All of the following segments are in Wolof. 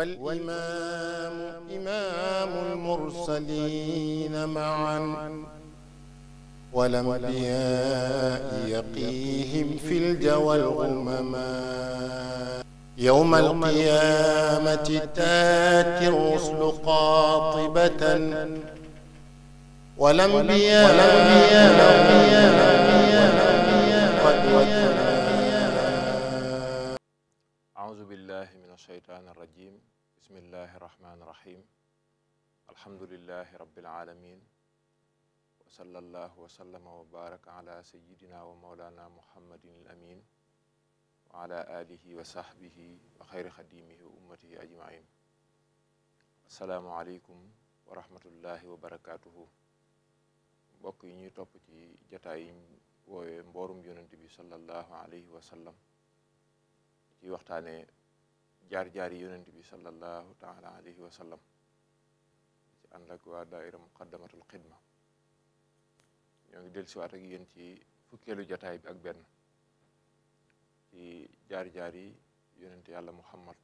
والإمام إمام المرسلين معا والأنبياء يقيهم في الجوى الغمما يوم القيامة تاتي الرسل قاطبة والأنبياء الشيطان الرجيم بسم الله الرحمن الرحيم الحمد لله رب العالمين وصلى الله وسلم وبارك على سيدنا ومولانا محمد الأمين وعلى آله وصحبه وخير خديمه وأمته أجمعين السلام عليكم ورحمة الله وبركاته mbokk yi ñuy topp ci jataay yi woowee mboorum yonent bi sallallahu alayhi wa sallam ci waxtaanee jaar-jaari yonent bi sallallahu taala alayhi wa sallam ci ànd ak waa daaira muqaddamatul xidma ñoo ngi dellusiwaat ak yéen ci fukkeelu jataay bi ak benn ci jaar-jaari yonent yàlla muhammad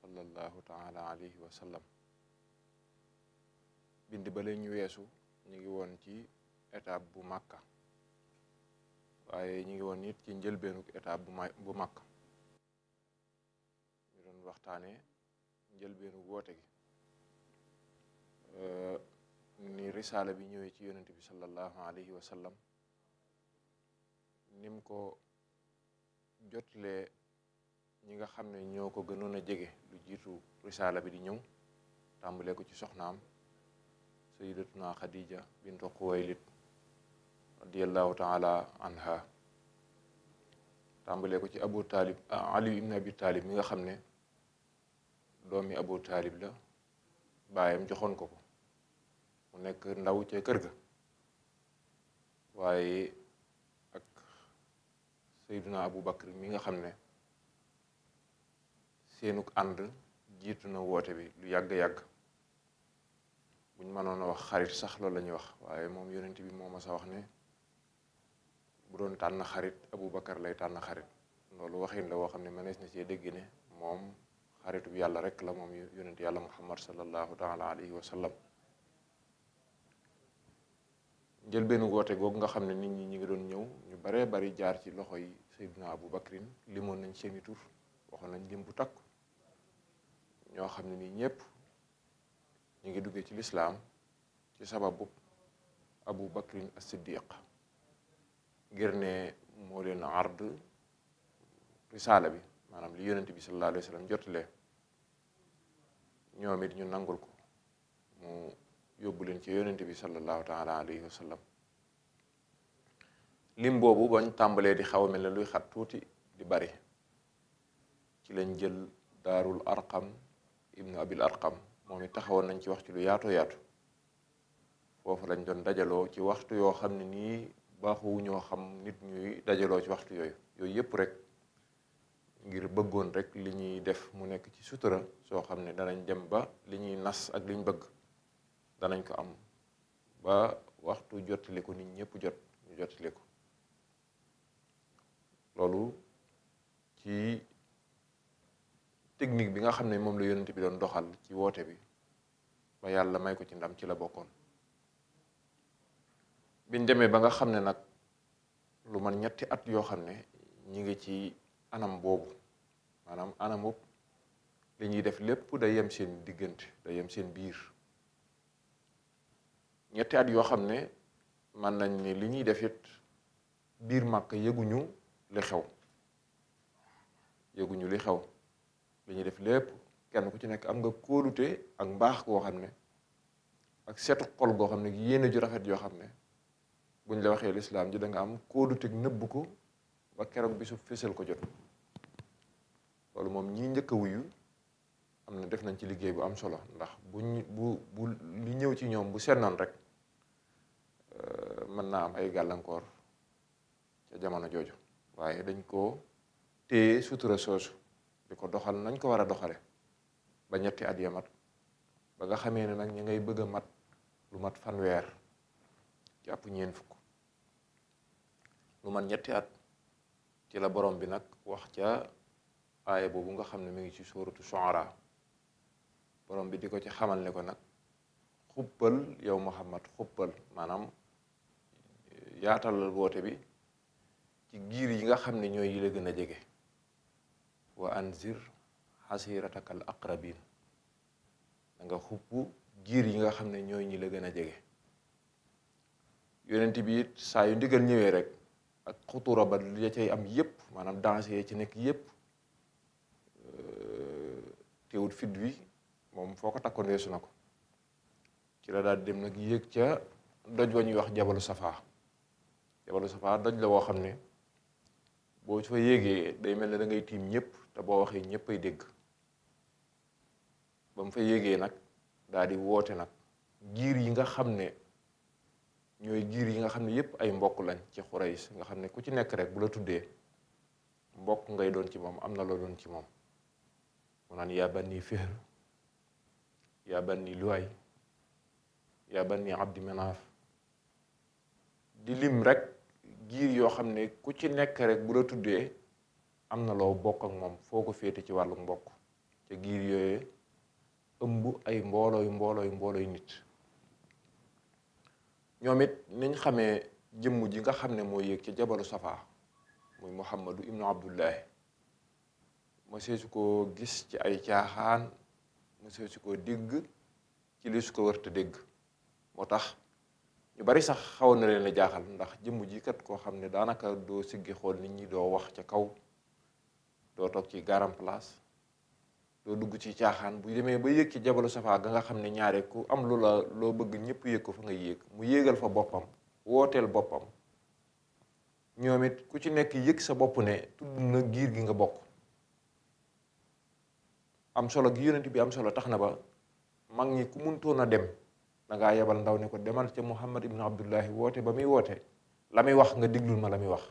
sallallahu taala alayhi wa sallam bind ba leen ñu weesu ñu ngi woon ci étape bu màkka waaye ñu ngi woon it ci njëlbeenuk étape bu bu ñu waxtaane waxtaanee njëlbeenu woote gi ni risaala bi ñëwee ci yonent bi sallallahu alayhi wa sallam nim ko jotle ñi nga xam ne ñoo ko gënoon a jege lu jitu risaala bi di ñëw tàmbalee ko ci soxnaam sayidatuna Khadija bintu Xuwaylid radiallahu taala anha tàmbalee ko ci abu taalib ali ibn abi taalib mi nga xam ne doomi Abu Taalib la baayam joxoon ko ko mu nekk ndaw ca kër ga waaye ak Seyduna Abu Bakr mi nga xam ne seenuk ànd jiitu na woote bi lu yàgg-yàgg muñ mënoon a wax xarit sax loolu la wax waaye moom yonent bi moo ma sa wax ne bu doon tànn xarit Abu Bakar lay tànn xarit loolu waxin la woo xam ne mënees na cee dégg ne moom xaritu bi yàlla rek la moom yonent yàlla muhammad sallallahu taala alayhi wa sallam njëlbeenu woote googu nga xam ne nit ñi ñi ngi doon ñëw ñu baree bari jaar ci loxo yi na Abu Bakrin limoon nañ seeni tur waxoon nañ lim bu takk ñoo xam ne nii ñëpp ñu ngi duggee ci lislaam ci sababu Abu Bakrin as-Siddiq ngir ne moo leen ard risaala bi maanaam li yonent bi sallallahu alayhi wa sallam jotalee ñoom it ñu nangul ko mu yóbbu leen ci yonent bi sallallahu taala alayhi wa sallam lim boobu bañ tàmbalee di xaw mel ne luy xat tuuti di bari ci lañ jël daarul arqam ibnu abil arqam moom it taxawoon nañ ci wax ci lu yaato yaatu foofu lañ doon dajaloo ci waxtu yoo xam ne nii baaxuwuñoo xam nit ñuy dajaloo ci waxtu yooyu yooyu yëpp rek ngir bëggoon rek li ñuy def mu nekk ci sutura soo xam ne danañ dem ba li ñuy nas ak li bëgg danañ ko am ba waxtu jottali ko nit ñëpp jot ñu jottali ko loolu ci technique bi nga xam ne moom la yonent bi doon doxal ci woote bi ba yàlla may ko ci ndam ci la bokkoon biñ demee ba nga xam ne nag lu man ñetti at yoo xam ne ñi ngi ci anam boobu maanaam anamu li ñuy def lépp day yem seen diggante da yem seen biir ñetti at yoo xam ne mën nañ ni li ñuy def it biir màkk yëguñu li yëguñu li xew li ñuy def lépp kenn ku ci nekk am nga kóolute ak mbaax goo xam ne ak seetu xol goo xam ne yéene ju rafet yoo xam ne buñ la waxee lislaam ji danga am kóolute nëbb ko ba keroog bi su fésal ko jot loolu moom ñi njëkk a wuyu am na def nañ ci liggéey bu am solo ndax bu bu bu li ñëw ci ñoom bu sennoon rek euh, mën naa am ay gàllankoor ca jamono jooju waaye dañ ko téye sutura soosu di ko doxal nañ ko war a doxale ba ñetti at ya mat ba nga xamee ne nag ñu ngay bëgg a mat lu mat fanweer jàpp ñeen fukk lu man ñetti at ci la borom bi nag wax ca aaya boobu nga xam ne mi ngi ci suuratu Shu'ara borom bi di ko ci xamal ne ko nag xuppal yow Muhammad xuppal maanaam yaatalal woote bi ci giir yi nga xam ne ñooy yi la gën a jege wa anzir xasirataka al aqrabin da nga xupp giir yi nga xam ne ñooy ñi la gën a jege yonent bi it saa yu ndigal ñëwee rek ak xutuura ba li cay am yëpp maanaam danger yi ci nekk yëpp euh, teewut fit wi moom foo ko takkoon weesu na ko ci la daal dem nag yéeg ca doj wa ñuy wax jabalu safaa jabalu safaa doj la woo xam ne boo ci fa yéegee day mel ne dangay tiim ñëpp te boo waxee ñëpp ay dégg ba mu fa yéegee nag daal di woote nag giir yi nga xam ne ñooy giir yi nga xam ne yépp ay mbokk lañ ci Xurays nga xam ne ku ci nekk rek bu la tuddee mbokk ngay doon ci moom am na loo doon ci moom mu naan yaa bani Fihr yaa bani di lim rek giir yoo xam ne ku ci nekk rek bu la tuddee am na loo bokk ak moom foo ko féete ci wàllu mbokk te giir yooyu ëmb ay mboolooy mboolooy mboolooy nit ñoom it niñ xamee jëmm ji nga xam ne moo yéeg ci jabalu Safa muy Muhammadu ibnu Abdullahi ma seesu ko gis ci ay caaxaan ma seesu koo dégg ci li su ko warta dégg moo tax ñu bari sax xaw na leen la jaaxal ndax jëmm ji kat koo xam ne daanaka doo siggi xool nit ñi doo wax ca kaw doo toog ci garam place doo dugg ci caaxaan bu demee ba yëg ci jabalu safaa ga nga xam ne ñaare ku am lu la loo bëgg ñëpp yëg ko fa nga yéeg mu yéegal fa boppam wooteel boppam ñoom it ku ci nekk yëg sa bopp ne tudd na giir gi nga bokk am solo gi yonent bi am solo tax na ba mag ñi ku muntoon a dem dangaa yebal ndaw ne ko demal ca Muhammad ibnu Abdullahi woote ba muy woote la muy wax nga diglul ma la muy wax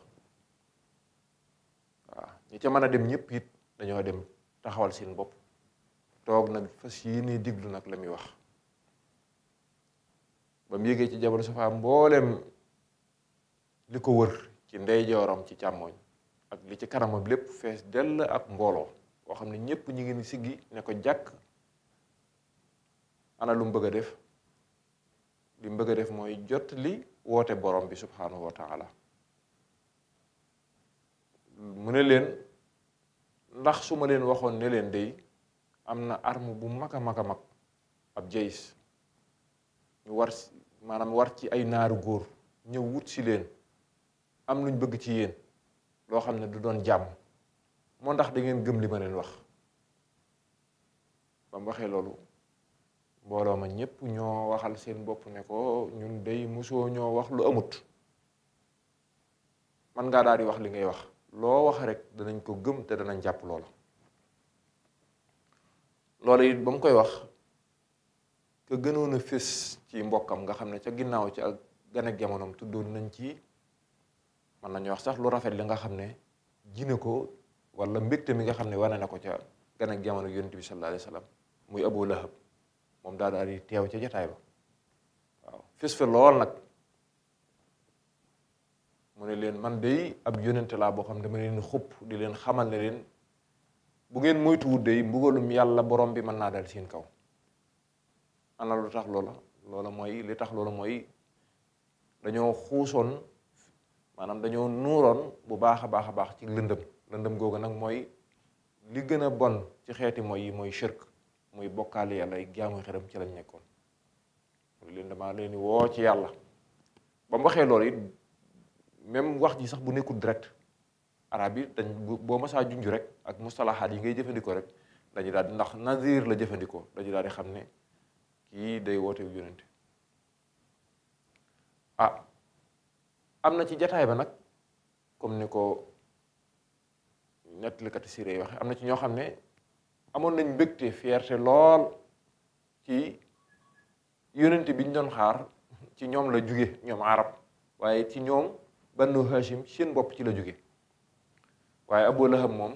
waaw ñu ca mën a dem ñëpp it dañoo dem taxawal seen bopp toog nag fas nii diglu nag la muy wax ba mu yégee ci jabal safaa mbooleem li ko wër ci ndeyjooram ci càmmooñ ak li ci kanamam lépp fees dell ak mbooloo boo xam ne ñépp ñu ngi ni siggi ne ko jàkk ana lu mu bëgg a def li mu bëgg a def mooy jot li woote borom bi subhanahu wa taala mu ne leen ndax su ma leen waxoon ne leen day am na arme bu mag a mag a mag ab jayis ñu war maanaam war ci ay naaru góor ñëw wut si leen am luñ bëgg ci yéen loo xam ne du doon jàmm moo ndax dangeen gëm li ma leen wax ba mu loolu mbooloo ma ñépp ñoo waxal seen bopp ne ko ñun day mosoo ñoo wax lu amut man ngaa daal di wax li ngay wax loo wax rek danañ ko gëm te danañ jàpp loola loolu it ba mu koy wax ka gënoon a fés ci mbokkam nga xam ne ca ginnaaw ci ak gan ak jamonoom tuddoon nañ ci mën nañu wax sax lu rafet li nga xam ne ji ko wala mbégte mi nga xam ne wane na ko ca gan jamono yonent bi sallallahu alayhi wa sallam moom daal teew ca jataay waaw fés fa lool nag mu ne leen man de ab yonente laa boo xam ne dama leen xupp di leen xamal ne leen bu ngeen moytuwul dey mbugalum yàlla borom bi mën naa dal seen kaw ana lu tax loola loola mooy li tax loola mooy dañoo xuusoon maanaam dañoo nuuroon bu baax a baax a baax ci lëndëm lëndëm googu nag mooy li gën a bon ci xeeti mooy yi mooy shirk mooy bokkaale yàlla ay jaamu xërëm ci lañ nekkoon leen damaa leen woo ci yàlla ba mu waxee loolu it même wax ji sax bu nekkul direct arab yi dañ boo masaa junj rek ak mustalahaat yi ngay jëfandikoo rek dañu daal di ndax nazir la jëfandikoo dañu daal di xam ne kii day woote yonente ah am na ci jataay ba nag comme ni ko nettalikati siré yi waxe am na ci ñoo xam ne amoon nañ mbégte fierté lool ci yonente biñ doon xaar ci ñoom la jóge ñoom arab waaye ci ñoom Banu Hashim seen bopp ci la jóge waaye Abu Lahab moom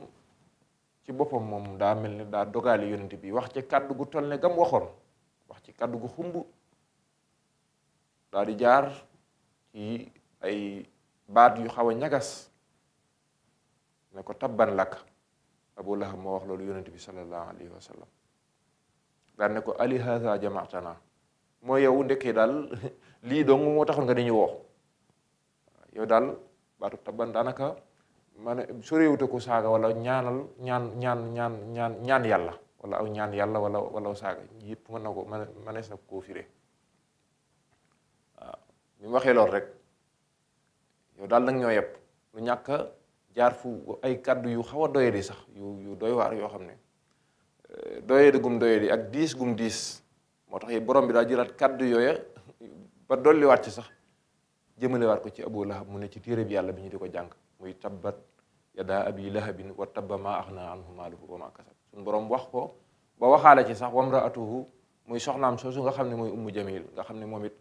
ci boppam moom daa mel ni daa dogaale yonent bi wax ci kàddu gu toll ne gam waxoon wax ci kàddu gu xumb daa di jaar ay baat yu xaw a ñagas ne ko tabban lakk Abu Lahab moo wax loolu yonent bi sallallahu alayhi wa sallam daan ne ko ali haza jamaatana mooy yow ndekkee daal lii dong moo taxoon nga dañuy woo yow daal baatu tabban daanaka maanaam soréewute ko saaga wala ñaanal ñaan ñaan ñaan ñaan ñaan yàlla wala aw ñaan yàlla wala wala saaga yëpp mën na ko mën mënees na koo firee waaw bi mu waxee lool rek yow daal nag ñoo yepp lu ñàkk jaar fu ay kàddu yu xaw a doyadi sax yu yu doy waar yoo xam ne euh, doyadi gum doyadi ak diis gum diis moo tax borom bi daa jëlaat kàddu yooya ba dolliwaat ci sax jëmalewaat ko ci Abu Lahab mu ne ci téere bi yàlla bi ñu di ko jàng muy tabbat yadaa abi lahabin wa tabba maa axnaa anhu maaluhu wa maa kasab suñu boroom wax ko ba waxaale ci sax wamraatuhu muy soxnaam soosu nga xam ne mooy ummu jamil nga xam ne moom it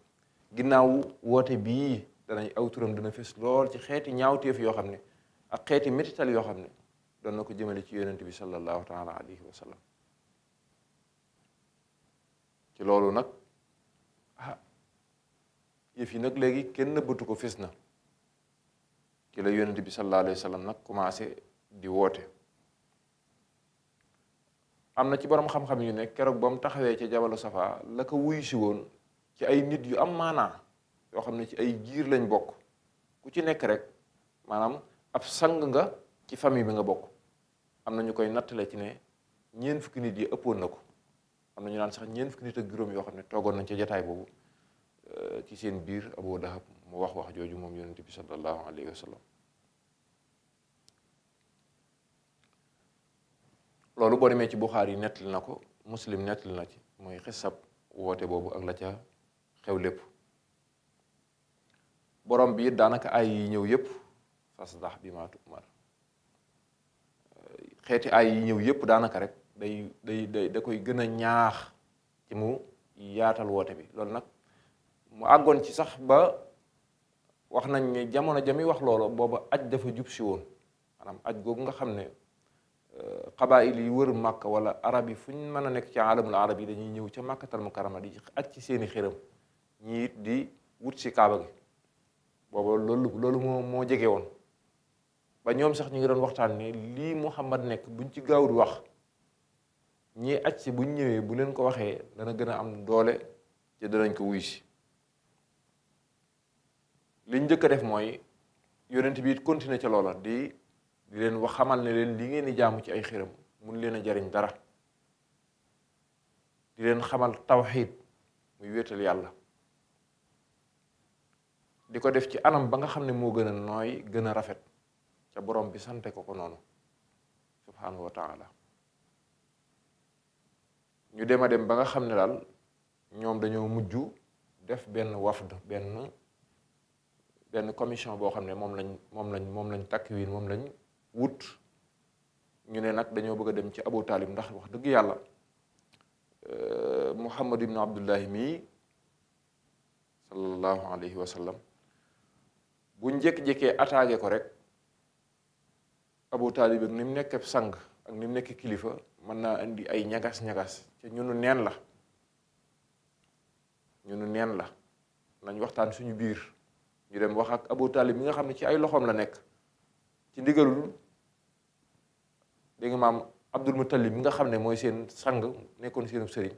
ginnaaw woote bii danañ aw turam dana fës lool ci xeeti ñaawteef yoo xam ne ak xeeti métital yoo xam ne doon na ko jëmale ci yonent bi sallallahu taala alayhi wa sallam ci loolu nag ah yëf yi nag léegi kenn nëbbatu ko fis na ci la yonent bi sallallahu alayhi wa nag commencé di woote am na ci borom xam-xam yu ne keroog ba mu taxawee ca jabalu safa la wuyu si woon ci ay nit yu am maanaa yoo xam ne ci ay jiir lañ bokk ku ci nekk rek maanaam ab sang nga ci famille bi nga bokk am na ñu koy nattale ci ne ñeent fukki nit yi ëppoon na ko am na ñu naan sax ñeen fukki nit ak juróom yoo xam ne toggoon nañ ca jataay boobu euh, ci seen biir Abu Dahab mu wax wax jooju moom yonent bi sallallahu alayhi wa sallam loolu boo demee ci Buxaar yi nettali na ko muslim nettali na ci mooy xisab woote boobu ak la ca xew lépp borom bi it daanaka ay yi ñëw yëpp fas dax bi maa tu'mar xeeti ay ñëw yëpp daanaka rek day day da koy gën a ñaax ci mu yaatal woote bi loolu nag mu àggoon ci sax ba wax nañ ni jamono jami wax loola booba aj dafa jub si woon maanaam aj googu nga xam ne xabaayil euh, yi wër màkk wala arab yi fu ñu mën a nekk ci alamul arab yi dañuy ñëw ca màkkatal mukarama di aj ci seeni xéram ñi di wut si kaaba gi booba loolu moo jege woon ba ñoom sax ñu ngi doon waxtaan ne lii Muhammad nekk buñ ci gaaw di wax ñii aj si buñ ñëwee bu leen ko waxee dana gën a am doole te danañ ko wuy si li ñu njëkk a def mooy yonent bi continuer ca loola di di leen wax xamal ne leen li ngeen di jaamu ci ay xiram mun leen a jariñ dara di leen xamal tawxiid muy wéetal yàlla di ko def ci anam ba nga xam ne moo gën a nooy gën a rafet ca borom bi sante ko ko noonu subhanahu wa ñu dem a dem ba nga xam ne daal ñoom dañoo mujj def benn wafd benn benn commission boo xam ne moom lañ moom lañ moom lañ takk wiin moom lañ wut ñu ne nag dañoo bëgg a dem ci Abu Taalib ndax wax dëgg yàlla euh, Muhammad ibnu Abdullahi mii sallallahu alayhi wa sallam bu njëkk-njëkkee attaqué ko rek Abu Taalib ak ni mu nekk sang ak ni mu nekk kilifa mën naa indi ay ñagas-ñagas te ñunu neen la ñunu neen la nañ waxtaan suñu biir ñu dem wax ak Abu Talib mi nga xam ne ci ay loxoom la nekk ci ndigalul dégg nga maam Abdul nga xam ne mooy seen sang nekkoon seenub sëriñ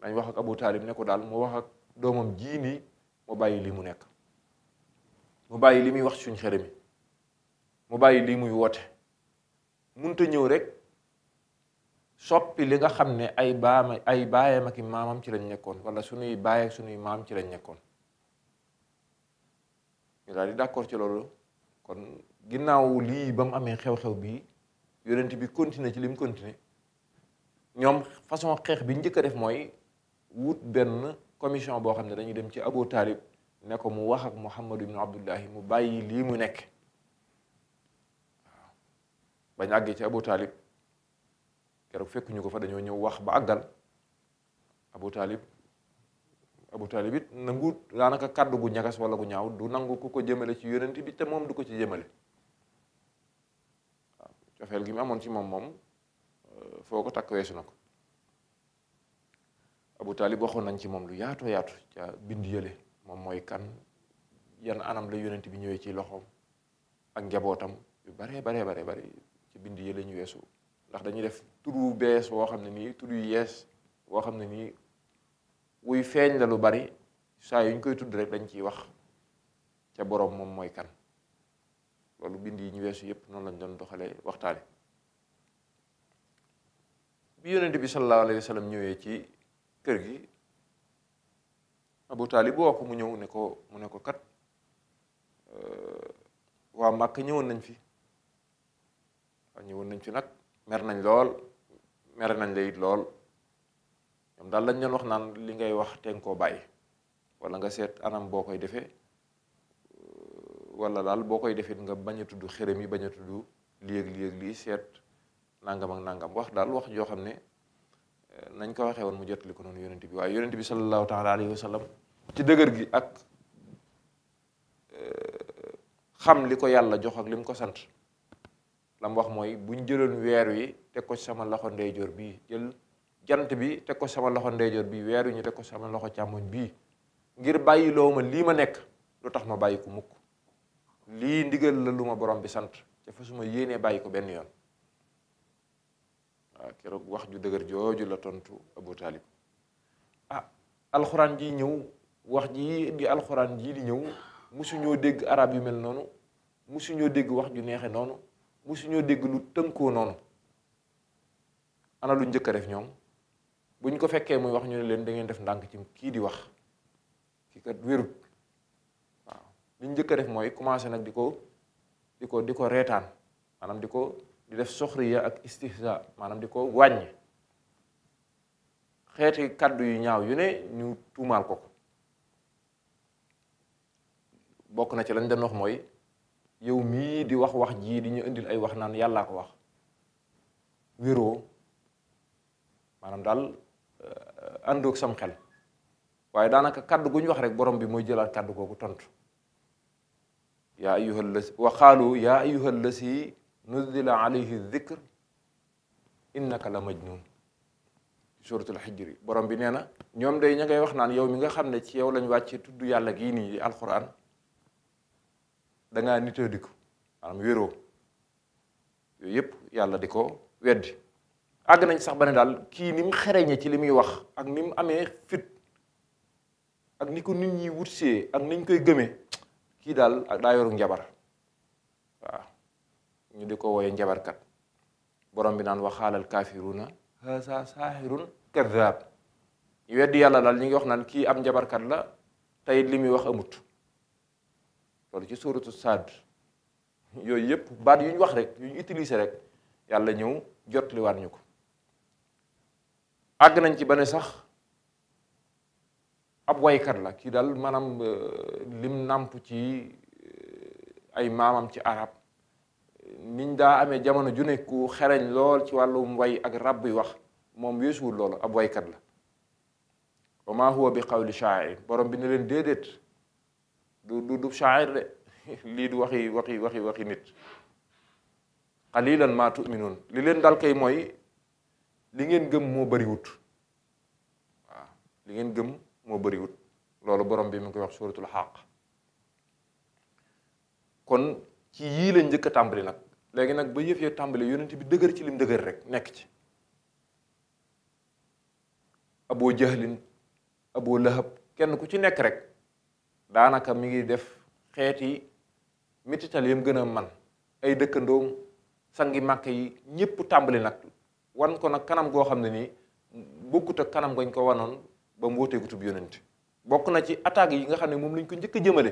dañ wax ak Abu Talib daal mu wax ak doomam jii nii mu bàyyi lii mu nekk mu bàyyi li muy wax suñ xere mi mu bàyyi lii muy woote munta ñëw rek soppi li nga xam ne ay baama ay baayam ak i maamam ci lañ nekkoon wala suñuy baay ak suñuy maam ci lañ nekkoon ñu daal di d'accord ci loolu kon ginnaaw lii ba mu amee xew-xew bi yonent bi continuer ci lim mu ñoom façon xeex bi njëkk a def mooy wut benn commission boo xam ne dañuy dem ci Abu Taalib ne ko mu wax ak Muhammad ibnu Abdullahi mu bàyyi lii mu nekk waaw bañ àggee ci Abu Taalib keroog fekkuñu ko fa dañoo ñëw wax ba àggal Abu Taalib Abu Talib it nangu daanaka kàddu gu ñagas wala gu ñaaw du nangu ku ko jëmale ci yonent bi te moom du ko ci jëmale waaw cofeel gi mu amoon ci moom moom euh, foo ko takk weesu na ko Abu Talib waxoon nañ ci moom lu yaatoo yaatu ca bind yële moom mooy kan yan anam la yonent bi ñëwee ci loxoom ak njabootam yu baree baree baree bari ci bind yële ñu weesu ndax dañuy def tur bees woo xam ne nii tur yu woo xam ne nii wuy feeñ la lu bari saa yu ñu koy tudd rek dañ ciy wax ca boroom moom mooy kan loolu bind yi ñu weesu yépp noonu lañ doon doxalee waxtaane bi yonent bi sallallahu alayhi ci kër gi Abu Taalib ko mu ñëw ne ko mu ne ko kat euh, waa Màkk ñëwoon nañ fi waa ñëwoon nañ fi nag mer nañ lool mer nañ la lool ñoom daal lañ leen wax naan li ngay wax te koo bàyyi wala nga seet anam boo koy defee wala daal boo koy defee nga bañ a tudd xërëm yi bañ a tudd lii ak lii ak lii seet nangam ak nangam wax daal wax joo xam ne eh, nañ ko waxee woon mu jottali ko noonu yonent bi waaye yonent bi sallallahu taala alayhi wa sallam ci dëgër gi ak eh, xam li ko yàlla jox ak li ko sant lam wax mooy buñ jëloon weer wi teg ko sama loxo ndeyjoor bii jël. jant bi te ko sama loxo ndeyjoor bi weer wi ñu ko sama loxo càmmoñ bii ngir bàyyi loo ma lii ma nekk lu tax ma bàyyiku mukk lii ndigal la lu ma borom bi sant te fa su ma yéenee bàyyi ko benn yoon waaw keroog wax ju dëgër jooju la tontu Abu Talib ah, alxuraan ji ñëw wax ji di alxuraan jii di ñëw musuñoo dégg arab yu mel noonu musuñoo dégg wax ju neexe noonu musuñoo dégg lu tënkoo noonu ana lu njëkk a def ñoom bu ñu ko fekkee muy wax ñu ne leen da def ndànk ci kii di wax kii kat wérut waaw li ñu njëkk a def mooy commencé nag di ko di ko di ko reetaan maanaam di ko di def soxriya ak istihza maanaam di ko wàññ xeeti kàddu yu ñaaw yu ne ñu tuumaal ko ko bokk na ci lañ doon wax mooy yow mii di wax wax jii di ñu indil ay wax naan yàllaa ko wax wéroo maanaam daal àndoog sam xel waaye daanaka kàddu gu ñu wax rek borom bi mooy jëlaat kàddu googu tontu yaa ayyuhal lasi wa qaalu yaa ayyuhal lasi nuzila alayhi dhikr innaka la majnun suratul xijr borom bi nee na ñoom day ña ngay wax naan yow mi nga xam ne ci yow lañ wàcce tudd yàlla gii nii di alquran dangaa nitee di ko yëpp yàlla di ko weddi àgg nañ sax ba ne daal kii ni mu xereñe ci li muy wax ak ni mu amee fit ak ni ko nit ñi wutsee ak niñ koy gëmee kii daal daa yoru njabar waaw ñu di ko wooye njabarkat borom bi naan waxaalal kaafiruuna haasa saaxirun kaddaab ñu weddi yàlla daal ñu ngi wax naan kii am njabarkat la tey li muy wax amut loolu ci suuratu Saad yooyu yëpp baat yu wax rek yu ñu rek yàlla ñëw jotliwaat ñu ko àgg nañ ci bane sax ab waykat la ki dal maanaam euh, lim nàmp ci euh, ay maamam ci arab niñ daa amee jamono ju ne xereñ lool ci wàllum way ak rab buy wax moom weesuwul lool ab waykat la wa ma huwa bi qawli shaair borom bi ne leen déedéet du du du shaair de lii du waxi waxi waxi waxi nit qalilan ma tuminuun li leen dal kay mooy li ngeen gëm moo bariwut waaw li ngeen gëm moo bëriwut loolu borom bi mu ngi koy wax suuratul xaq kon ci yii la njëkk a tàmbali nag léegi nag ba yëf ya tàmbali yonent bi dëgër ci lim dëgër rek nekk ci aboo jahlin aboo lahab kenn ku ci nekk rek daanaka mu ngi def xeeti mitital yam gën a man ay dëkkandoom sangi màkk yi ñépp tàmbali nag wan kon nag kanam goo xam ne nii bokkut a kanam gañ ko wanoon ba mu wootee gutub yonent bokk na ci attaques yi nga xam ne moom lañ ko njëkk a jëmale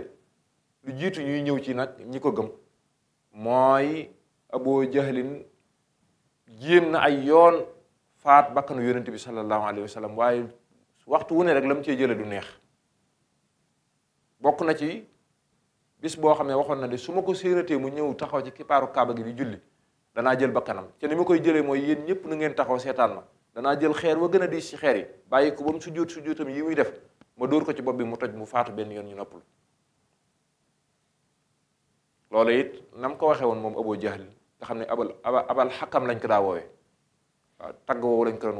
lu jiitu ñuy ñëw ci nag ñi ko gëm mooy Abu Jahlin jéem na ay yoon faat bakkanu yonent bi sallallahu alayhi wa sallam waxtu wu ne rek lam mu cee jële du neex bokk na ci bis boo xam ne waxoon na de su ma ko séenatee mu ñëw taxaw ci kipaaru kaaba gi di julli danaa jël bakkanam te ni ma koy jëlee mooy yéen ñëpp na ngeen taxaw seetaan ma danaa jël xeer wa gën a di ci xeer yi bàyyi ko ba mu sujjóot sujjóotam yi muy def ma dóor ko ci bopp bi mu toj mu faatu benn yoon ñu noppalu it na ko waxee woon moom Abu Jahl nga xam ne abal abal xakam lañ ko daa woowee waaw tagg woowu lañ ko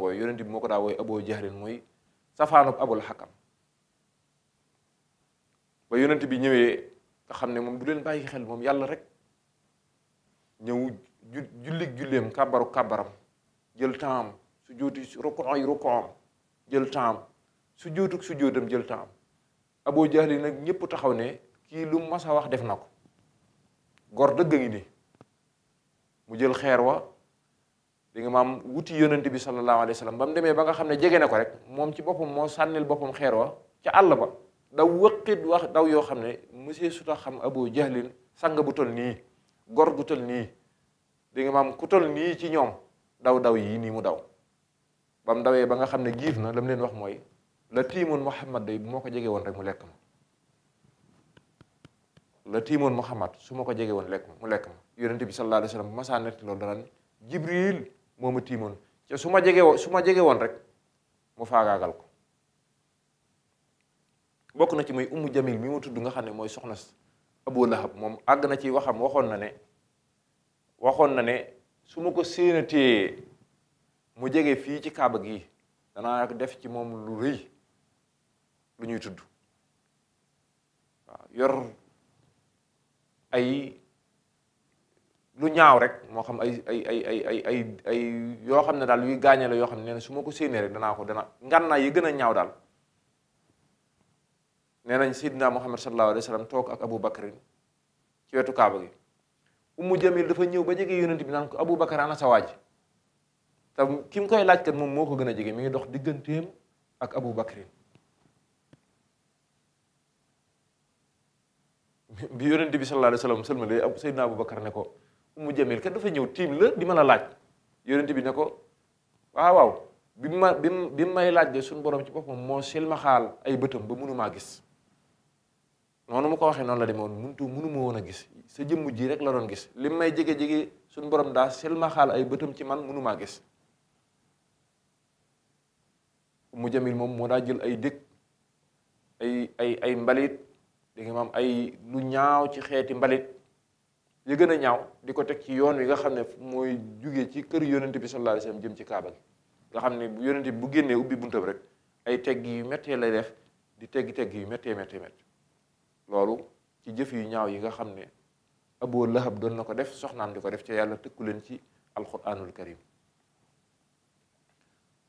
bi moo ko daa woowee Abu Jahl muy safaanub abul xakam ba yonent bi ñëwee nga xam ne moom du leen bàyyi xel moom yàlla rek ñëw jullig julleem kàbbaru kàbbaram jël temps su jooti rokon yi rokoam jël temps su jootuk su jootam jël temps aboo jaxli nag ñëpp taxaw ne kii lu mas wax def na ko gor dëgg ngi ni mu jël xeer wa di nga maam wuti yonent bi sallallahu alayhi wa ba mu demee ba nga xam ne jege ne ko rek moom ci boppam moo sànnil boppam xeer wa ca àll ba daw wëqit wax daw yoo xam ne monsieur su tax xam aboo jaxlin sang bu tol nii gor gu tol nii di nga maam ku tol nii ci ñoom daw daw yii nii mu daw ba mu dawee ba nga xam ne giif na lam leen wax mooy la tiimoon Muhammad day moo ko jege woon rek mu lekk ma la tiimoon Muhammad su ma ko jege woon lekk mu lekk ma yonente bi sallallahu alayhi wa sallam ma saa nekk loolu dara moo ma tiimoon te su ma jege woon su ma jege woon rek mu faagaagal ko bokk na ci muy ummu jamil mi mu tudd nga xam ne mooy soxna Abu Lahab moom àgg na ci waxam waxoon na ne waxoon na ne su ma ko séenatee mu jege fii ci kaaba gi danaa def ci moom lu rëy lu ñuy tudd waaw yor ay lu ñaaw rek moo xam ay ay ay ay ay ay ay yoo xam ne daal yuy gaañe la yoo xam ne nee su ma ko séenee rek danaa ko dana ngànnaay yi gën a ñaaw daal nee nañ Seydina Muhammad sallallahu alayhi wa sallam toog ak Abu Bakrin ci wetu kaaba gi Ummu Jamil dafa ñëw ba jege yonent bi naan ko Aboubacar ana sa waaj te ki koy laaj kat moom moo ko gën a jege mu ngi dox digganteem ak Aboubacar bi yonent bi sallallahu alayhi wa sallam sëlmale ab Seydina Aboubacar ne ko Ummu Jamil kat dafa ñëw tiim la di ma la laaj yonent bi ne ko waaw waaw bi ma bi bi may laaj de suñu borom ci boppam moo silmaxaal ay bëtam ba mënumaa gis noonu mu ko waxee noonu la demee woon muntu woon a gis sa jëmm jii rek la doon gis li may jege-jege suñ borom daa selma ay bëtam ci man maa gis mu jamil moom moo daa jël ay dëkk ay ay ay mbalit da nga maam ay lu ñaaw ci xeeti mbalit yi gën a ñaaw di ko teg ci yoon wi nga xam ne mooy jugee ci kër yonente bi sallallahu alayhi wasallam jëm ci kaabal nga xam ne yonente bi bu génnee ubbi buntam rek ay tegg yu méttee lay def di teggi tegg yu méttee méttee méttee loolu ci jëf yu ñaaw yi nga xam ne Abu Lahab doon na ko def soxnaan di ko def ci yàlla tëkku leen ci alquranul karim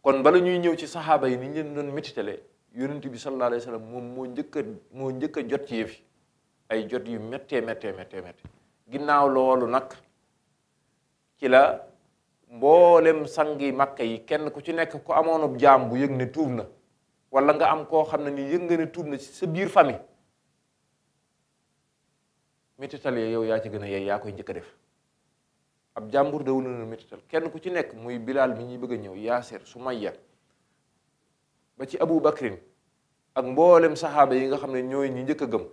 kon bala ñuy ñëw ci saxaaba yi ni ñu leen doon métitale yonent bi sallallahu alayhi wa sallam moom moo njëkk moo njëkk jot ci yëf ay jot yu méttee méttee méttee ginnaaw loolu nag ci la mboolem sangi makka yi kenn ku ci nekk ku amoonub jaam bu yëg ne tuub na wala nga am koo xam ne ni yëg nga ne tuub na ci sa biir famille métital yow yaa ci gën a yey yaa koy njëkk a def ab jàmbur dawul na métital kenn ku ci nekk muy bilaal mi ñuy bëgg a ñëw yaaser sumayya ba ci abu bakrin ak mboolem saxaaba yi nga xam ne ñëw ñi njëkk a gëm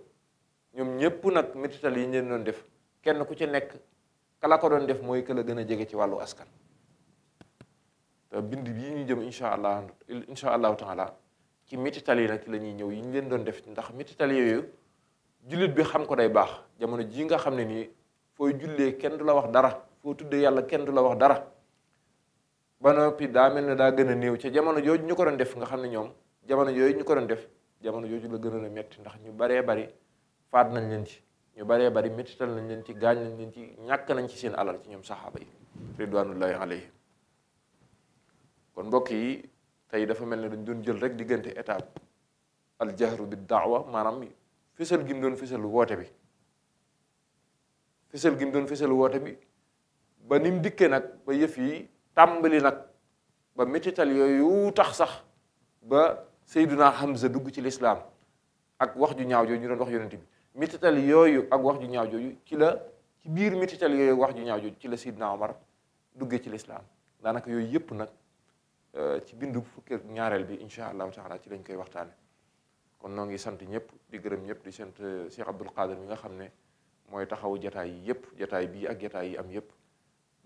ñoom ñépp nag métital yi ñu doon def kenn ku ci nekk kala ko doon def mooy kala gën a jege ci wàllu askan bind bii ñu jëm incha allah incha allahu taala ci métital yi nag la ñuy ñëw yi ñu leen doon def ndax métital yooyu jullit bi xam ko day baax jamono jii nga xam ne nii foo jullee kenn du la wax dara foo tuddee yàlla kenn du la wax dara ba noppi daa mel ne daa gën a néew ci jamono jooju ñu ko doon def nga xam ne ñoom jamono yooyu ñu ko doon def jamono jooju la gën a metti ndax ñu baree bari faat nañ leen ci ñu baree bari méttital nañ leen ci gaañ nañ leen ci ñàkk nañ ci seen alal ci ñoom saxaaba yi ridwanullahi alayhi kon mbokk yi tey dafa mel ne dañ doon jël rek diggante étape al jahru bi daawa maanaam fësal gi mu doon fësal woote bi fësal gi mu doon woote bi ba ni mu dikkee nag ba yëf yi tàmbali nag ba métital yooyu tax sax ba Seyduna Hamza dugg ci lislaam ak wax ju ñaaw jooju ñu doon wax yonent bi métital yooyu ak wax ju ñaaw jooju ci la ci biir métital yooyu wax ju ñaaw jooju ci la Seydina Omar duggee ci lislaam daanaka yooyu yëpp nag euh, ci bindu fukki ñaareel bi incha allahu taala ci lañ koy waxtaane kon sant ñëpp di gërëm ñëpp di sant euh, Cheikh Abdoul Qadir mi nga xam ne mooy taxawu jataay yi yëpp jataay bii ak jataay yi am yëpp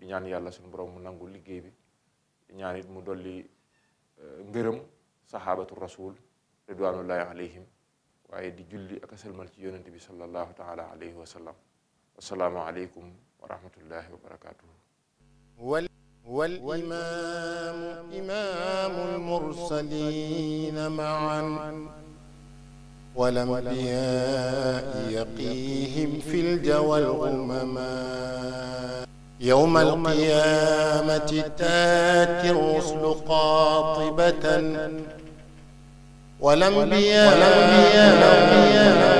di ñaan yàlla suñu borom mu nangu liggéey bi di mu dolli euh, ngërëm saxaabatu rasul ridwanullahi alayhim waaye di julli ak asalmal ci yonente bi sallallahu taala alayhi wa aleykum wa rahmatullahi wal imaamu imaamul mursaliin ma'an والأنبياء يقيهم في الجوى الغمما يوم القيامة تاتي الرسل قاطبة والأنبياء